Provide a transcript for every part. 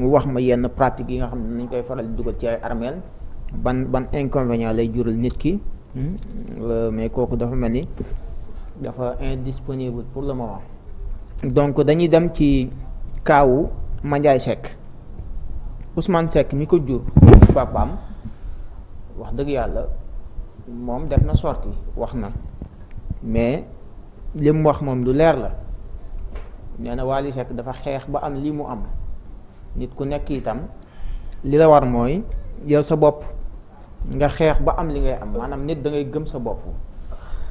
mu wax ma yenn pratique yi nga xam ne nañ koy faral di dugal ci ay armeel ban ban inconvénient lay jural nit ki hmm? mais kooku dafa mel ni dafa indisponible pour la moment donc dañuy dem ci kaawu Mandiaye Seck Ousmane Seck mi ko jur papaam wax dëgg yàlla moom def na sorti wax na mais lim wax moom lu leer la nee na Wally Seck dafa xeex ba am lii mu am nit ku nekk itam li la war mooy yow sa bopp nga xeex ba am li ngay am maanaam nit da ngay gëm sa bopp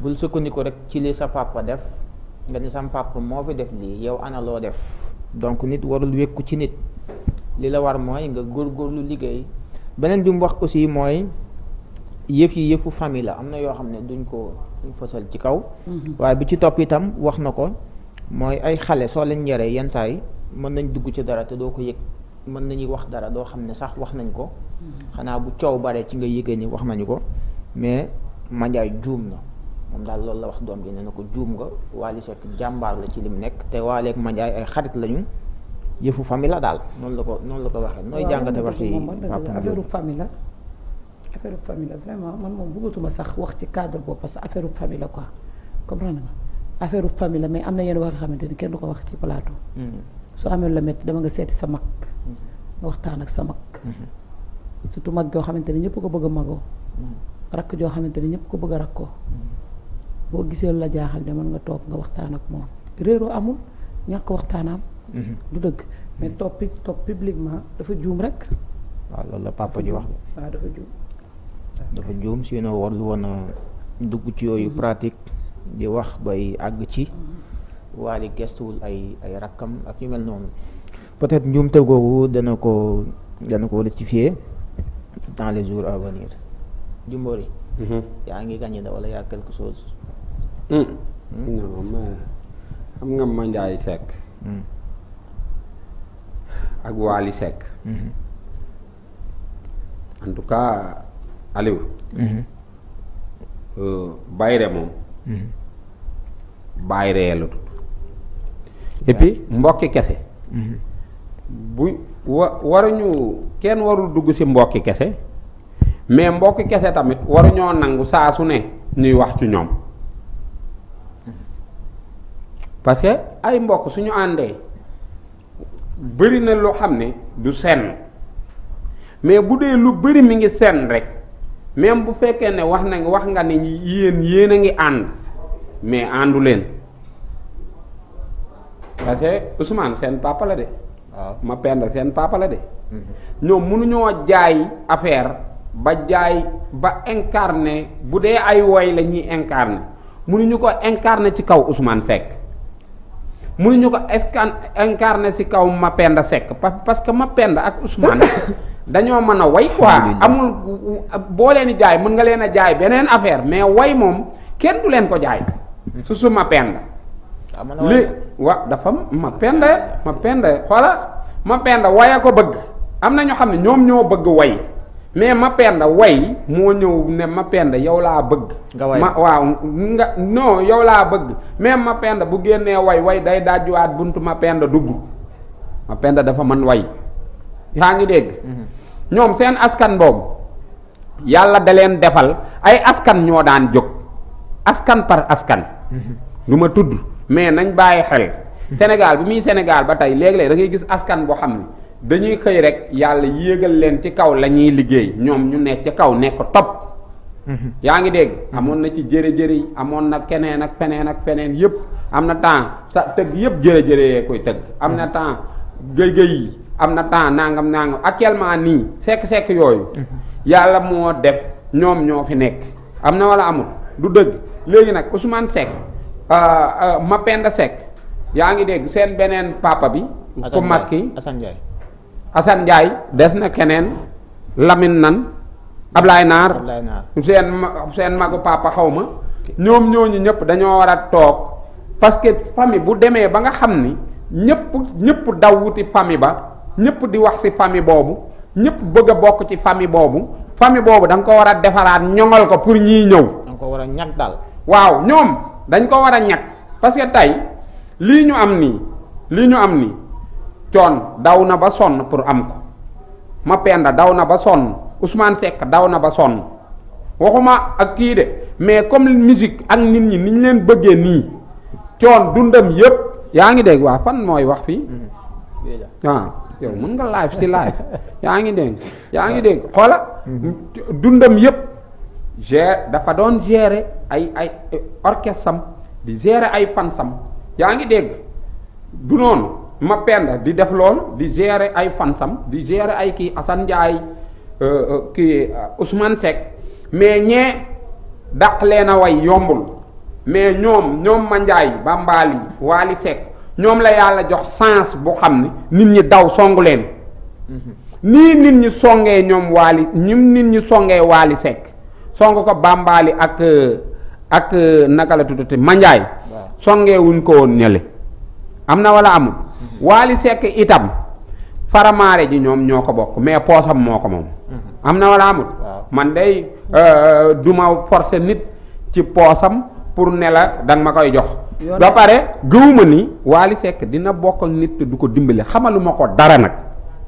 bul sukkandiku rek ci li sa papa def nga ni sam papa moo fi def lii yow ana loo def donc nit warul wékku ci nit li la war mooy nga góor góorgóorlu liggéey beneen bi mu wax aussi mooy yëf yi yëfu famille la am na yoo xam ne duñ ko fësal ci kaw. Mhm. waaye bi ci topp itam wax na ko mooy ay xale soo leen yaree yenn saa yi mën nañ dugg ci dara te doo ko yëg mën nañuy wax dara doo xam ne sax wax nañ ko xanaa bu coow baree ci nga yëgee ni wax nañu ko mais Mandiaye juum na moom daal loolu la wax doom bi ne na ko juum nga Wally Seck jàmbaar la ci lim nekk te Wally ak ay xarit lañu yëfu famille la daal noonu la ko noonu la ko waxee nooy jàngate wax yi affaire famille la affaire famille vraiment man moom bëggatuma sax wax ci cadre boobu parce que affaire famille la quoi comprendre nga affaire famille la mais am na yenn wax nga xamante ni kenn du ko wax ci plateau hmm. soo amee la métti dama nga seeti sa mag mm-hmm. nga waxtaan ak sa mag mm-hmm. surtout mag joo xamante ne ñëpp ko bëgg a magoo mm-hmm. rakk joo xamante ne ñëpp ko bëgg a rakkoo boo gisee la jaaxal de mën nga toog nga waxtaan ak moom réeroo amul ñàkk waxtaanaam du dëgg mais topp toog dafa juum rek waaw loolu la papa ji wax dafa juum dafa juum sinon warlu woon a dugg ci yooyu pratique di wax bay àgg ci waali gestuwul ay rakkam ak ñu mel noonu peut-être njuumte googu dana ko dana ko rectifier dans les jours à venir Jimbori mhm. yaa ngi gagné da wala yaa quelque chose non mais Bayre moom mhm. Bayre la et mbokki kese. bu wa waruñu kenn warul dugg ci mbokki kese mais mbokki kese tamit waruñoo nangu saa su ne ñuy wax ci ñoom parce que ay mbokk suñu àndee bëri na loo xam ne du senn mais bu dee lu bëri mi ngi senn rek même bu fekkee ne wax na wax nga ni ñi yéen yéen a ngi ànd mais àndu leen. parce que Ousmane seen papa la de. ma penda seen papa la de. Mhm. ñoom mënuñoo jaay affaire ba jaay ba incarné bu dee ay woy lañuy ñuy munuñu mënuñu ko incarné ci kaw Ousmane sekk munuñu ko escan incarné ci kaw Mapenda sekk parce que Mapenda ak Ousmane dañoo mën a woy quoi amul boo leen di jaay mun nga leen a jaay beneen affaire mais woy moom kenn du leen ko jaay mhm. su su Mapenda li wa dafa ma pende ma pende ma penda waya ko bëgg am na ñoo xam ne ñoom ñoo bëgg woy mais ma penda way moo ñëw ne ma penda yow laa bëgg ma waaw nga non yow laa bëgg même ma penda bu génnee way way day dajjuwaat buntu ma penda dugg ma penda dafa mën way yaa ngi dégg mhm. ñoom seen askan boobu yàlla da leen defal ay askan ñoo daan jóg askan par askan du mhm. tudd mais nañ bàyyi xel. Sénégal bi muy Sénégal ba tey léeg-léeg da ngay gis askan boo xam ne dañuy xëy rek yàlla yéegal leen ci kaw la ñuy liggéey ñoom ñu nekk ci kaw nekk topp. yaa ngi dégg amoon na ci jëre jërëjërë yi amoon na keneen ak feneen ak feneen yëpp am na temps sa tëgg yëpp jërëjërë yee koy tëgg. am na temps géy-géy yi am na temps nangam nangam actuellement nii sekk-sekk yooyu. yàlla moo def ñoom ñoo fi nekk. am na wala amul du dëgg léegi nag Ousmane Seck. Euh, euh, Mapenda Seck yaa ngi dégg seen beneen papa bi. ku mag ki Assane Ndiaye. des na keneen Lamine Nan Ablaye Naar seen seen magu papa xaw ma ñoom ñooñu ñëpp dañoo war a toog parce que famille bu demee ba nga xam ni ñëpp ñëpp daw wuti famille ba ñépp di wax ci famille boobu ñëpp bëgg a bokk ci famille boobu famille boobu da nga ko war a defaraat ñoŋal ko pour ñuy ñëw. ko war a ñag waaw ñoom. dañ ko war a ñag parce que tey lii ñu am nii lii ñu am nii coon daw na ba sonn pour am ko Mapenda daw na ba sonn Ousmane sekk daw na ba sonn waxuma ak kii de mais comme musique ak nit ñi ni ñu leen bëggee nii coon dundam yépp yaa ngi dégg waa fan mooy wax fii waaw ah, yow mën nga live si live yaa ngi dégg yaa ngi dégg xoola mm-hmm. dundam yépp gère dafa doon gérer ay ay orchestre di gere ay fansam yaa ngi dégg du noonu ma pend di def lool di gérer ay fansam di gérer ay kii Assane Ndiaye euh, euh, kii euh, Ousmane Seck mais ñee dàq leen a way yombul mais ñoom ñoom ma Ndiaye Bambaali Waali Seck ñoom la yàlla jox chance bu xam ne nit ñi daw songu leen mm-hmm. nii nit ñi songee ñoom Waali nit ñi songee Waali Seck song ko bàmbaali ak ak naka la tuddati manjaay songeewuñ ko woon ñële am na wala amul mhm. waali sekk itam faramaare ji ñoom ñoo ko bokk mais poosam moo ko moom mhm. am na wala amul man day euh, duma forcer nit ci poosam pour ne la danga ma koy jox ba pare gëwuma ni waali sekk dina bokk nit te du ko dimbale xamaluma ko dara nag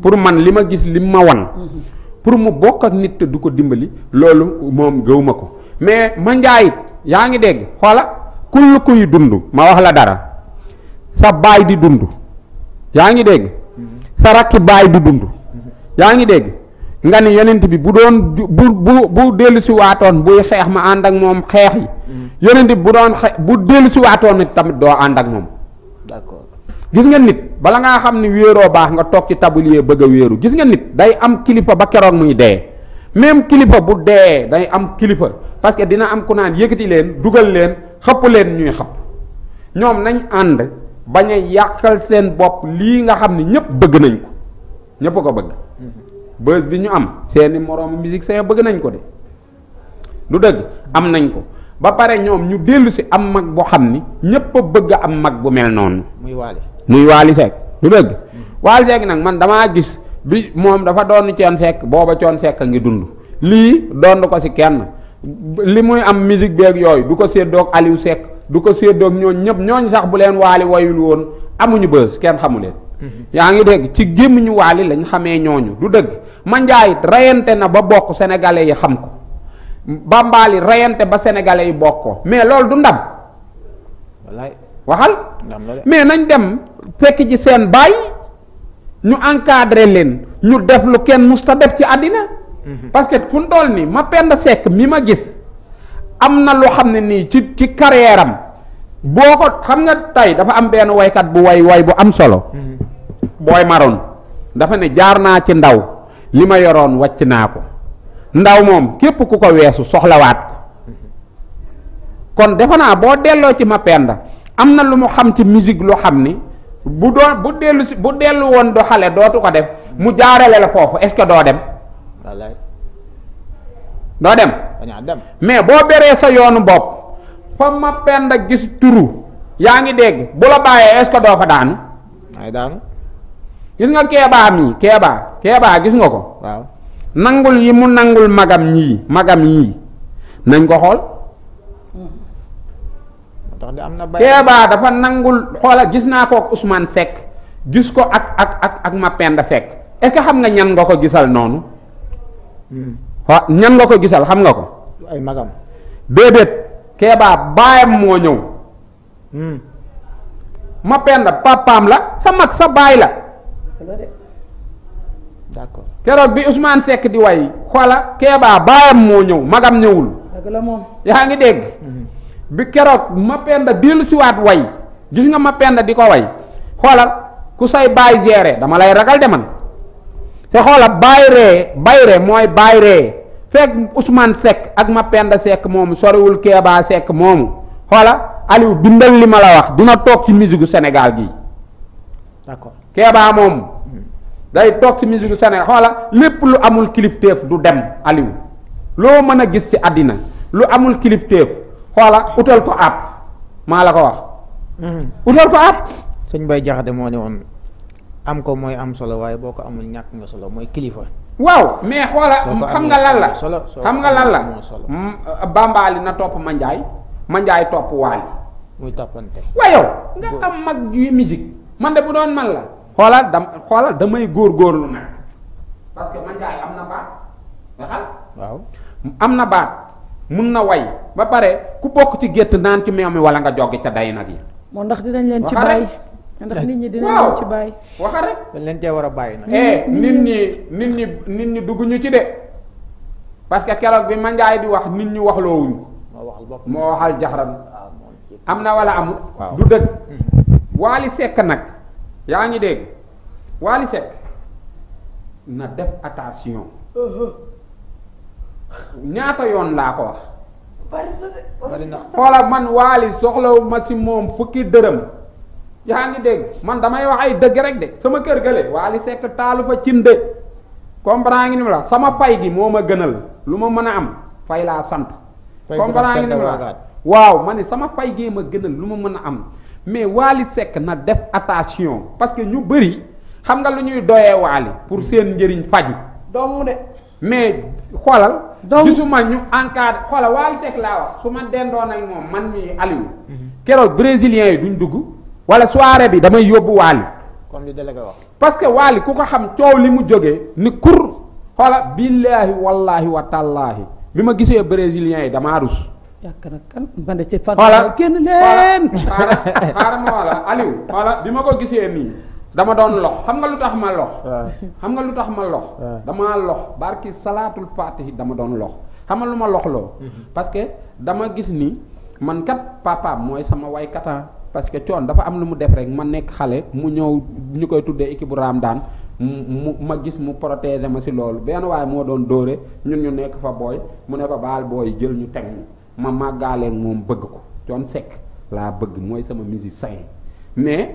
pour man li ma gis li ma wan mhm. pour mu bokk ak nit te du ko dimbali loolu moom gëwuma ko mais manjaa it yaa ngi dégg xoola kull kuy dund ma wax la dara sa baay di dund yaa ngi dégg sa rakki baay di dund yaa ngi dégg nga ni yonent bi bu doon bu bu bu dellusi waatoon buy xeex ma ànd ak moom xeex yi yonent bi bu doon xeex bu dellusi waatoon tamit doo ànd ak moom d'accord gis nga nit bala ngaa xam ni wéeroo baax nga toog ci tablier bëgg a wéeru gis nga nit day am kilifa ba keroog muy dee même kilifa bu dee day am kilifa parce que dina am ku naan yëkkati leen dugal leen xëpp leen ñuy xëpp ñoom nañ ànd bañ a yàqal seen bopp lii nga xam ni ñëpp bëgg nañ ko ñëpp ko bëgg bës bi ñu am seeni moroomu musique seen bëgg nañ ko de lu dëgg am nañ ko ba pare ñoom ñu dellu si am mag boo xam ni ñëpp a bëgg am mag bu mel noonu muy waale muy Waly Seck du dëgg Waly Seck nag man damaa gis bi moom dafa doon coon sekk booba coon sekk a ngi dund lii doon ko si kenn li muy am musique beeg yooyu du ko séddoog Aliou Seck du ko séddoog ñooñ ñëpp ñooñ sax bu leen waali wayul woon amuñu bës kenn xamu leen mhm. yaa ngi dégg ci gémmiñu waali lañ xamee ñooñu du dëgg manjaay it rayante na ba bokk sénégalais yi xam ko bambaali reyante ba sénégalais yi bokk ko mais loolu du ndam waxal mais nañ dem fekk ci seen baay ñu encadré leen ñu def lu kenn musta def ci àddina mhm. parce que fu ndool ni ma pend sekk mi ma gis am na loo xam ne nii ci ci carrière am boo ko xam nga tey dafa am benn waykat bu way way bu am solo mhm. booy maroon dafa ne jaar naa ci ndaw li ma yoroon wàcc naa ko ndaw moom képp ku ko weesu soxlawaat ko mhm. kon defe naa boo delloo ci ma pend am na lu mu xam ci musique loo xam ni bu doon bu dellu si bu dellu woon do xale dootu ko def mu jaarale la foofu est-ce doo dem. wallaay doo dem. dem mais boo beree sa yoonu bopp fa ma pend a gis turu yaa ngi dégg bu la bàyyee est-ce que doo fa daanu. gis nga keebaa mi keebaa keebaa gis nga ko. nangul yi mu nangul magam ñii magam yii nañ ko xool. tax de am na Kéba dafa nangul xoola gis naa ko ak Ousmane Seck gis ko ak ak ak ak Mapenda Seck est xam nga ñan nga ko gisal noonu. waaw hmm. ñan nga ko gisal xam nga ko. ay magam. déedéet. Kéba baayam moo ñëw. Hmm. Mapenda papaam la sa mag sa baay la. d'accord keroog bi usmaan Seck di way xoola Kéba baayam moo ñëw magam ñëwul. yaa ngi dégg. Hmm. bi keroog Mapenda dellu siwaat way gis nga Mapenda di ko way xoolal ku say baay géré dama lay ragal de man te xoolal baay ree baay ree mooy baay ree fekk Ousmane Seck ak Mapenda Seck moomu soriwul Kéba Seck moomu xoola Aliou bindal li ma la wax dina toog ci musique gu Sénégal gii d'accord moom day toog ci musique gu Sénégal xoola lépp lu amul kilifteef du dem Aliou loo mën a gis ci àddina lu amul kilifteef xoola utal ko app maa la ko wax. Hmm. utal ko app. sëñ Bay Jaxate moo ne woon am ko mooy am solo waaye boo ko amul ñàkk nga solo mooy kilifa. waaw mais xoola xam nga lan la xam nga lan la hmm, euh, bàmbaali na topp manjaay manjaay muy toppante waaye nga am mag ju musique man de bu doon man la xoola dam xoola damay góorgóorlu na parce que manjaay am na baat nga xam waaw am na baat mun na way ba pare ku bokk ci gétt naan ci meew mi wala nga joggi ca day nag yi. moo ndax dinañ leen ci bàyyi. ndax nit ñi dinañ leen ci bàyyi. waxa rek dañ leen cee war a bàyyi nag. Eh, nit ñi nit ñi dugg ñu ci de parce que keroog bi Mandiaye di wax nit ñi waxloowuñ moo waxal jaxran ah, am na wala amul. du dëgg. Waly Seck nag yaa ngi dégg Waly Seck na def attention. Uh-huh. ñaata yoon laa ko wax. bari man waali soxlaw ma si moom fukki dërëm. yaa ngi dégg man damay wax ay dëgg rek de sama kër gële waali sekk taalu fa cinde comprend ngi ni la sama fay gi moo ma gënal lu ma mën a am fay laa sant. comprend ngi ni la waaw ma ne sama fay gee a gënal lu ma mën a am mais waali sekk na def attention parce que ñu bëri xam nga lu ñuy doyee waali pour seen njëriñ faju doomu de mais xoolal. donc gisuma ñu encadre xoolal Wally Seck laa wax su ma dendoon nag moom man mii Aliou. Mhm. keroog brésilien yi duñ dugg. wala soirée bi damay yóbbu Wally. comme li délégué wax. parce que Wally ku ko xam coow li mu jóge ni kur xoola billaahi wallaahi wa bi ma gisee brésilien yi damaa rus. yaakaar bi ma ko gisee nii. dama doon lox xam nga lu tax ma lox xam nga lu tax ma lox damaa lox barki salaatul faatihi dama doon lox xam na lu ma loxloo mhm. parce que dama gis ni man kat papaam mooy sama waykatan ah. parce que coon dafa am lu mu def rek ma nekk xale mu ñëw ñu koy tuddee équipe daan Ramadan mu ma gis mu protéger ma si loolu benn waaye moo doon dóore ñun ñu nekk fa booy mu ne ko baal booy jël ñu teg ñu ma màggaaleeg moom bëgg ko coon sekk laa bëgg mooy sama musicien mais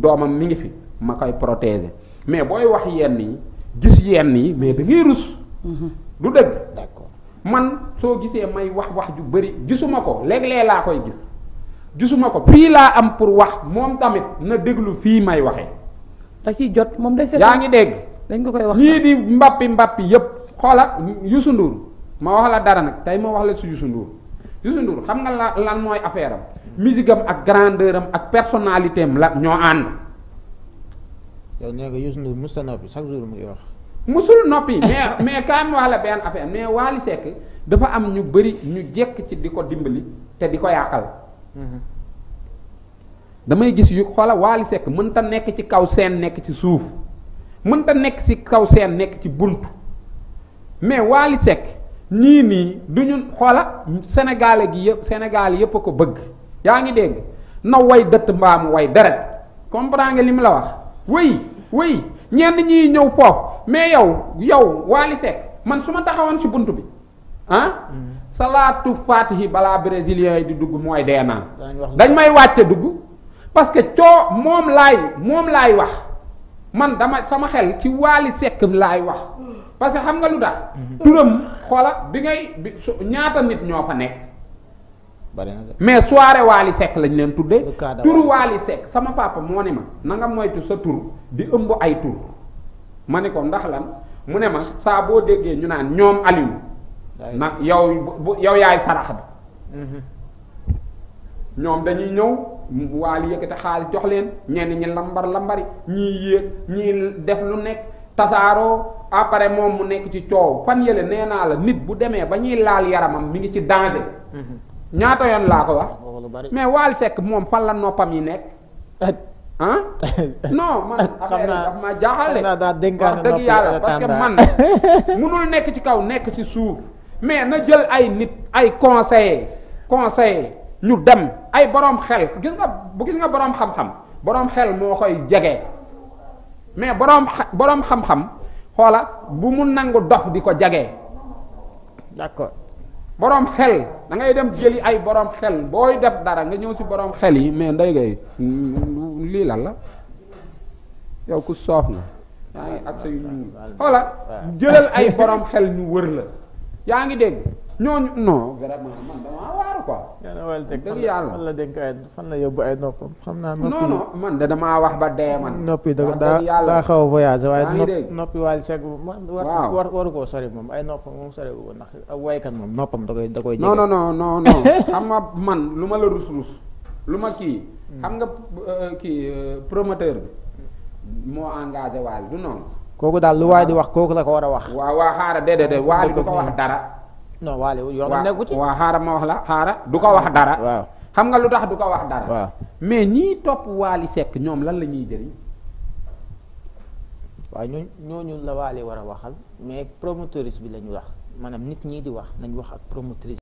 doomam mi ngi fi ma koy protéger mais booy wax yenn yi gis yenn yi mais da ngay rus. Mhm. du dëgg. d'accord man soo gisee may wax wax ju bëri gisuma ko léeg-léeg laa koy gis gisuma ko fii laa am pour wax moom tamit na déglu fii may waxee. da ciy jot moom day seet. yaa ngi dégg. dañ ko koy wax lii di mbappi mbappi yëpp xoola Youssou ma wax la dara nag tey ma wax la si Youssou Ndour Youssou xam nga la lan mooy affaire am musique am ak grandeur ak personnalité am la ñoo ànd. yow nee nga mu ngi wax. musul noppi mais mais kaam wax la benn affaire mais Wally Seck dafa am ñu bëri ñu jekk ci di ko dimbali te di ko yàqal. Mhm. damay gis yu xoola Wally Seck mënta nekk ci kaw seen nekk ci suuf mënta nekk ci kaw seen nekk ci bunt mais Wally Seck ñii nii du xoola Sénégal gi yëpp Sénégal yëpp a ko bëgg yaa ngi dégg na way dëtt mbaamu way deret comprend nga li mu la wax. oui oui ñenn ñiy ñëw poof mais yow yow Wally Seck man su ma taxawoon ci bunt bi ah. Mm. salaatu yi balaa brésilien yi di dugg mooy dee naan dañ may wàcce dugg parce que coo moom laay moom laay wax man dama sama xel ci Wally Seck laay wax parce que xam nga lu tax. Mm-hmm. turam xoola bi ngay bi ñaata nit ñoo fa nekk. mais soirée Wally Seck lañ leen tuddee. turu Wally Seck sama papa moo ne ma na nga moytu sa tur di ëmb ay tur ma ne ko ndax lan mu ne ma saa boo déggee ñu naan ñoom Aliou. na yow bu yow yaay sarax bi. Mhm. ñoom dañuy ñëw Wally yëkkati xaalis jox leen ñenn ñi lambar lambari ñii yéeg ñii def lu nekk tasaaroo après moom mu nekk ci coow fan yële nee naa la nit bu demee ba ñuy laal yaramam mi ngi ci danger. Mhm. ñaata yoon laa ko wax. mais Waly sekk moom fan la noppam yi nekk. ah man affaire yi daf maa jaaxal dëgg yàlla parce que man munul nekk ci kaw nekk ci suuf mais na jël ay nit ay conseillers conseillers ñu dem ay boroom xel gis nga bu gis nga borom xam-xam borom xel moo koy jege mais borom xa borom xam-xam xoola bu mu nangu dox di ko jege. d'accord. borom xel da ngay dem jëli ay borom xel booy def dara nga ñëw si borom xel yi mais ndey gay lii lan la yow ku soof nga yaa ngi ak say ñuul xoola jëlal ay borom xel ñu wër la yaa ngi dégg ñooñu non vraiment man damaa waaru quoi. dëgg yàlla fan la dénk ay fan la yóbbu ay noppam xam naa. noppi non non man de damaa wax ba dee man. noppi da daa daa xaw a voyagé waaye noppi Wally Seck man war waru koo sori moom ay noppam moom sori wu ndax waykat moom noppam da koy da koy. jege non non non non xam nga man lu ma la rus rus lu ma kii. Mm. xam nga euh, kii euh, promoteur bi moo engagé Wally du noonu. kooku daal lu waay di wax kooku la ko war a wax. waaw waa xaaral déedéet Wally du ko wax dara. non waale yoonam nekku ci waaw xaara ma wax la xaara du ko wax dara. waaw xam nga lu tax du ko wax dara. waaw mais ñii topp waali sekk ñoom lan la ñuy jëriñ. waaw ñooñu ñooñu la waale war a waxal mais promotrice bi la ñu wax maanaam nit ñi di wax nañ wax ak promotrice.